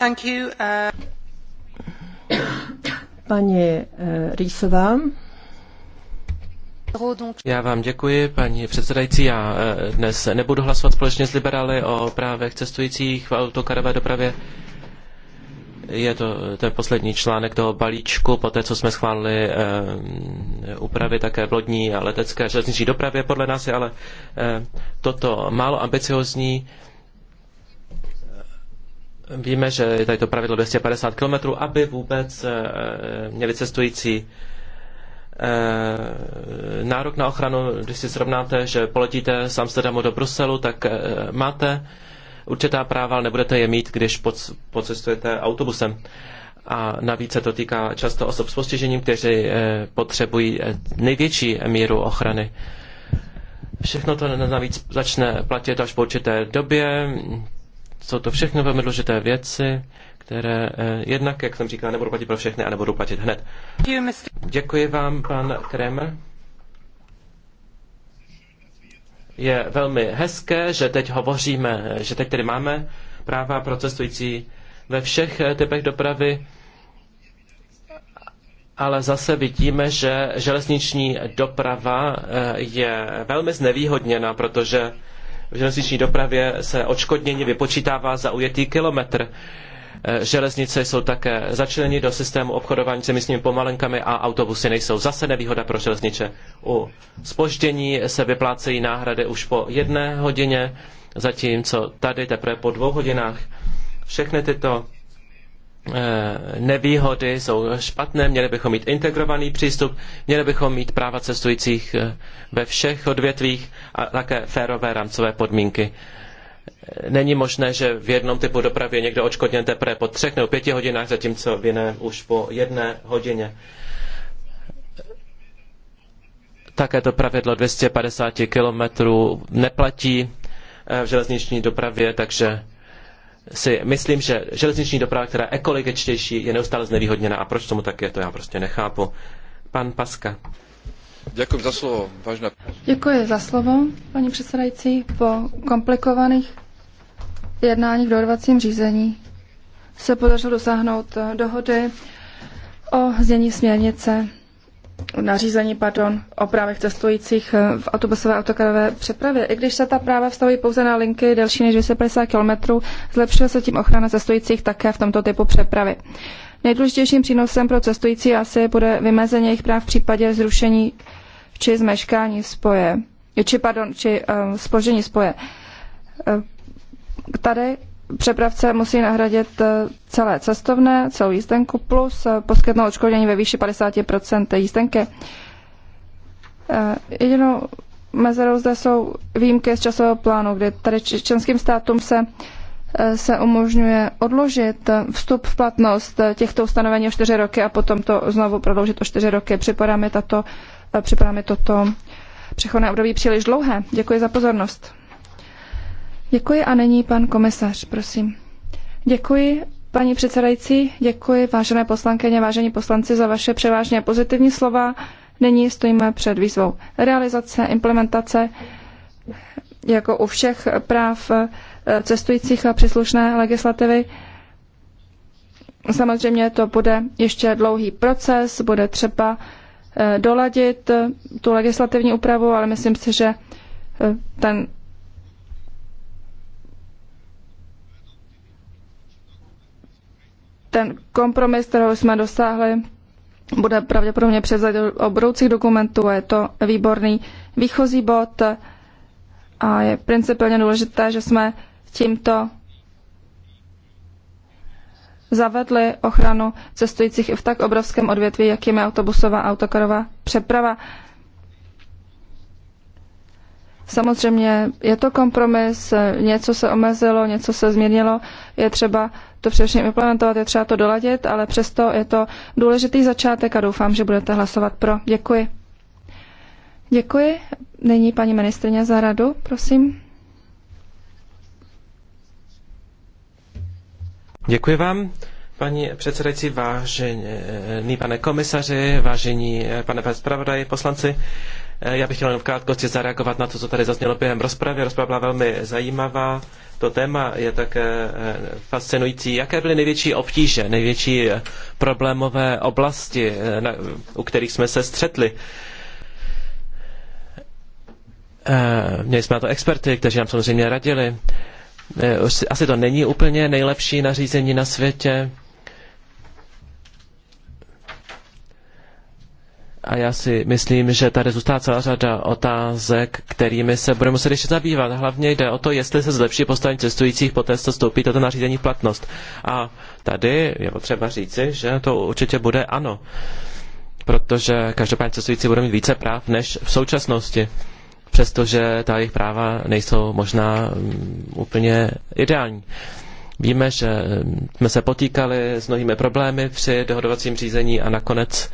Uh, paní uh, Rýsová. Já vám děkuji, paní předsedající. Já uh, dnes nebudu hlasovat společně s liberály o právech cestujících v autokarové dopravě. Je to ten poslední článek toho balíčku, po té, co jsme schválili um, úpravy také v lodní a letecké železniční dopravě. Podle nás je ale toto málo ambiciozní Víme, že je tady to pravidlo 250 km, aby vůbec eh, měli cestující eh, nárok na ochranu, když si srovnáte, že poletíte z Amsterdamu do Bruselu, tak eh, máte určitá práva, ale nebudete je mít, když pocestujete autobusem. A navíc se to týká často osob s postižením, kteří potřebují největší míru ochrany. Všechno to navíc začne platit až po určité době. Jsou to všechno velmi důležité věci, které eh, jednak, jak jsem říkal, nebudu platit pro všechny a nebudu platit hned. Děkuji vám, pan Kremer. Je velmi hezké, že teď hovoříme, eh, že teď tedy máme práva pro cestující ve všech eh, typech dopravy, ale zase vidíme, že železniční doprava eh, je velmi znevýhodněna, protože v železniční dopravě se odškodnění vypočítává za ujetý kilometr. E, železnice jsou také začleněny do systému obchodování s emisními pomalenkami a autobusy nejsou zase nevýhoda pro železniče. U spoždění se vyplácejí náhrady už po jedné hodině, zatímco tady teprve po dvou hodinách. Všechny tyto Eh, nevýhody jsou špatné, měli bychom mít integrovaný přístup, měli bychom mít práva cestujících eh, ve všech odvětvích a také férové rámcové podmínky. Eh, není možné, že v jednom typu dopravy je někdo očkodněn teprve po třech nebo pěti hodinách, zatímco v jiném už po jedné hodině. Také to pravidlo 250 kilometrů neplatí v železniční dopravě, takže si myslím, že železniční doprava, která je ekologičtější, je neustále znevýhodněna. A proč tomu tak je, to já prostě nechápu. Pan Paska. Děkuji za slovo, vážná. Děkuji za slovo, paní předsedající. Po komplikovaných jednáních v dohodovacím řízení se podařilo dosáhnout dohody o znění směrnice nařízení pardon, o právech cestujících v autobusové a autokarové přepravě. I když se ta práva vztahují pouze na linky delší než 250 km, zlepšuje se tím ochrana cestujících také v tomto typu přepravy. Nejdůležitějším přínosem pro cestující asi bude vymezení jejich práv v případě zrušení či zmeškání spoje, či, pardon, či uh, eh, spožení spoje. Uh, tady přepravce musí nahradit eh, celé cestovné, celou jízdenku plus eh, poskytnout odškodnění ve výši 50 jízdenky. Eh, jedinou mezerou zde jsou výjimky z časového plánu, kdy tady členským státům se se umožňuje odložit vstup v platnost těchto ustanovení o čtyři roky a potom to znovu prodloužit o čtyři roky. Připadá mi, tato, připadá mi toto přechodné období příliš dlouhé. Děkuji za pozornost. Děkuji a nyní pan komisař, prosím. Děkuji, paní předsedající, děkuji, vážené poslankyně, vážení poslanci, za vaše převážně pozitivní slova. Nyní stojíme před výzvou realizace, implementace, jako u všech práv eh, cestujících a příslušné legislativy. Samozřejmě to bude ještě dlouhý proces, bude třeba eh, doladit eh, tu legislativní úpravu, ale myslím si, že ten ten kompromis, kterého jsme dosáhli, bude pravděpodobně převzat o budoucích dokumentů. Je to výborný výchozí bod a je principálně důležité, že jsme tímto zavedli ochranu cestujících i v tak obrovském odvětví, jakým je autobusová a autokarová přeprava. Samozřejmě je to kompromis, něco se omezilo, něco se změnilo. Je třeba to především implementovat, je třeba to doladit, ale přesto je to důležitý začátek a doufám, že budete hlasovat pro. Děkuji. Děkuji. Nyní paní ministrině za radu, prosím. Děkuji vám. Paní předsedající, vážený pane komisaři, vážení pane zpravodaji, poslanci, Eh, já bych chtěl jenom v krátkosti zareagovat na to, co tady zaznělo během rozpravy. Rozprava byla velmi zajímavá. To téma je také eh, fascinující. Jaké byly největší obtíže, největší eh, problémové oblasti, u kterých jsme se střetli? Měli jsme na to experty, kteří nám samozřejmě radili. Asi to není úplně nejlepší nařízení na světě A já si myslím, že tady zůstává celá řada otázek, kterými se budeme muset ještě zabývat. Hlavně jde o to, jestli se zlepší postavení cestujících poté, co stoupí toto nařízení v platnost. A tady je potřeba říci, že to určitě bude ano. Protože každopádně cestující budou mít více práv než v současnosti. Přestože ta jejich práva nejsou možná mm, úplně ideální. Víme, že mm, jsme se potýkali s mnohými problémy při dohodovacím řízení a nakonec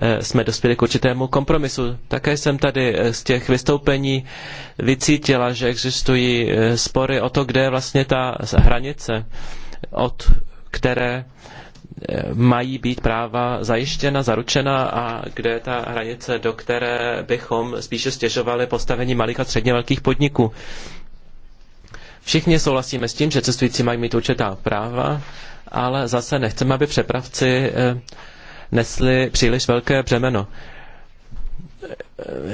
Eh, jsme dospěli k určitému kompromisu. Také jsem tady eh, z těch vystoupení vycítila, že existují eh, spory o to, kde je vlastně ta hranice, od které mají být práva zajištěna, zaručena a kde je ta hranice, do které bychom spíše stěžovali postavení malých a středně velkých podniků. Všichni souhlasíme s tím, že cestující mají mít určitá práva, ale zase nechceme, aby přepravci nesli příliš velké břemeno.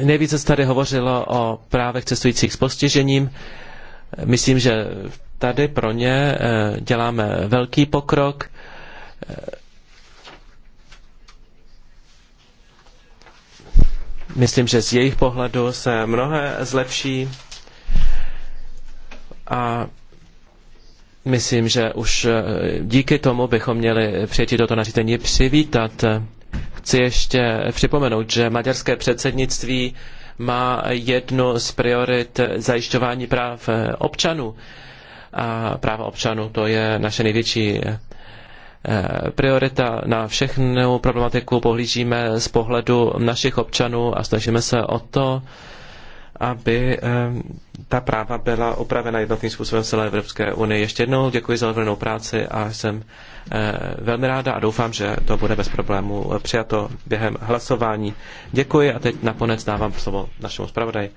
Nejvíce se tady hovořilo o právech cestujících s postižením. Myslím, že tady pro ně eh, děláme velký pokrok. Myslím, že z jejich pohledu se mnohé zlepší a Myslím, že už eh, díky tomu bychom měli přijetí toto nařízení přivítat. Chci ještě připomenout, že maďarské předsednictví má jednu z priorit zajišťování práv eh, občanů. A práva občanů to je naše největší eh, priorita na všechnu problematiku pohlížíme z pohledu našich občanů a snažíme se o to, aby ta práva byla opravena jednotným způsobem celé Evropské unii. Ještě jednou děkuji za odvedenou práci a jsem eh, velmi ráda a doufám, že to bude bez problémů přijato během hlasování. Děkuji a teď naponec dávám slovo našemu zpravodaji.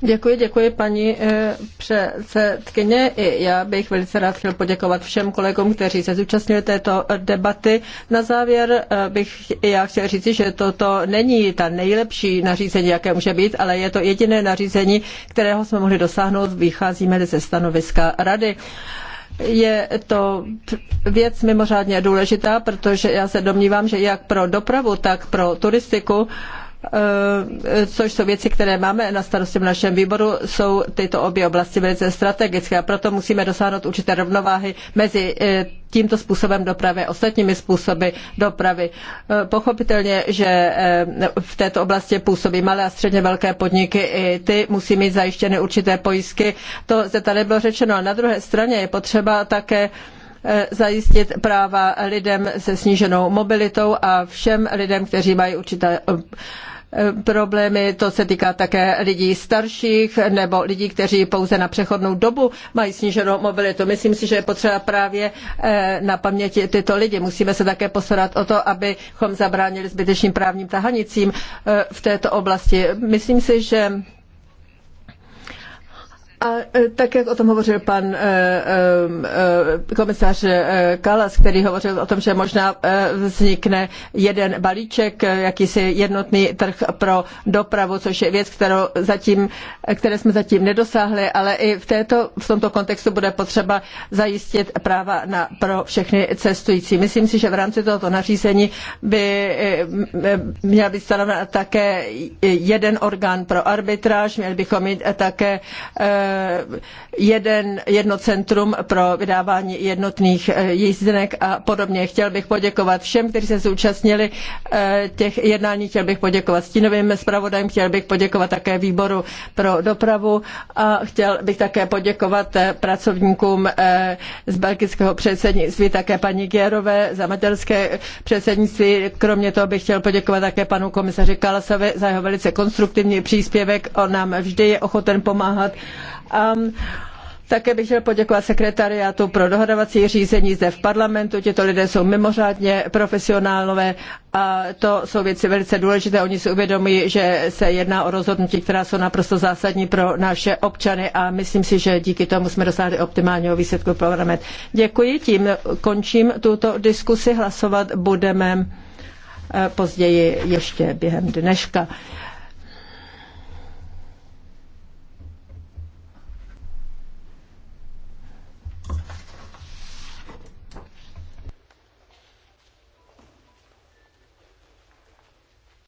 Děkuji, děkuji paní eh, předsedkyně. I já bych velice rád chtěl poděkovat všem kolegům, kteří se zúčastnili této debaty. Na závěr eh, bych i já chtěl říci, že toto není ta nejlepší nařízení, jaké může být, ale je to jediné nařízení, kterého jsme mohli dosáhnout. Vycházíme ze stanoviska rady. Je to věc mimořádně důležitá, protože já se domnívám, že jak pro dopravu, tak pro turistiku Eh, což jsou věci, které máme na starosti v našem výboru, jsou tyto obě oblasti velice strategické a proto musíme dosáhnout určité rovnováhy mezi eh, tímto způsobem dopravy a ostatními způsoby dopravy. Eh, pochopitelně, že v této oblasti působí malé a středně velké podniky, i ty musí mít zajištěny určité pojistky. To zde tady bylo řečeno, ale na druhé straně je potřeba také zajistit práva lidem se sníženou mobilitou a všem lidem, kteří mají určité problémy. To se týká také lidí starších nebo lidí, kteří pouze na přechodnou dobu mají sníženou mobilitu. Myslím si, že je potřeba právě eh, na paměti tyto lidi. Musíme se také postarat o to, abychom zabránili zbytečným právním tahanicím eh, v této oblasti. Myslím si, že a e, tak, jak o tom hovořil pan e, e, komisař Kalas, který hovořil o tom, že možná vznikne jeden balíček, jakýsi jednotný trh pro dopravu, což je věc, kterou zatím, které jsme zatím nedosáhli, ale i v, této, v tomto kontextu bude potřeba zajistit práva na, pro všechny cestující. Myslím si, že v rámci tohoto nařízení by měl být stanoven také jeden orgán pro arbitráž, měli bychom mít také Eh, jeden, jedno centrum pro vydávání jednotných eh, jízdenek a podobně. Chtěl bych poděkovat všem, kteří se zúčastnili eh, těch jednání, chtěl bych poděkovat stínovým zpravodajům, chtěl bych poděkovat také výboru pro dopravu a chtěl bych také poděkovat pracovníkům z belgického předsednictví, také paní Gierové za materské předsednictví. Kromě toho bych chtěl poděkovat také panu komisaři Kalasovi za jeho velice konstruktivní příspěvek. On nám vždy je ochoten pomáhat Um, také bych chtěl poděkovat sekretariátu pro dohodovací řízení zde v parlamentu. Tito lidé jsou mimořádně profesionálové a to jsou věci velice důležité. Oni si uvědomují, že se jedná o rozhodnutí, která jsou naprosto zásadní pro naše občany a myslím si, že díky tomu jsme dosáhli optimálního výsledku pro parlament. Děkuji, tím končím tuto diskusi. Hlasovat budeme eh, později ještě během dneška.